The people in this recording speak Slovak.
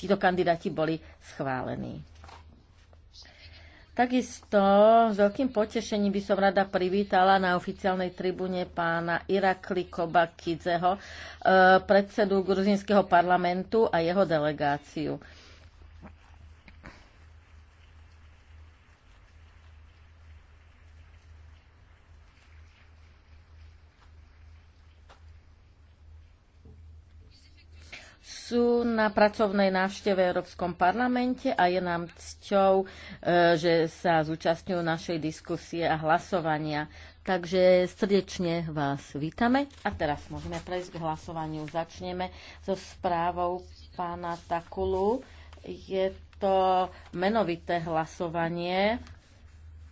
títo kandidáti boli schválení. Takisto s veľkým potešením by som rada privítala na oficiálnej tribúne pána Irakli Kobakidzeho, eh, predsedu gruzinského parlamentu a jeho delegáciu. sú na pracovnej návšteve v Európskom parlamente a je nám cťou, e, že sa zúčastňujú našej diskusie a hlasovania. Takže srdečne vás vítame a teraz môžeme prejsť k hlasovaniu. Začneme so správou pána Takulu. Je to menovité hlasovanie.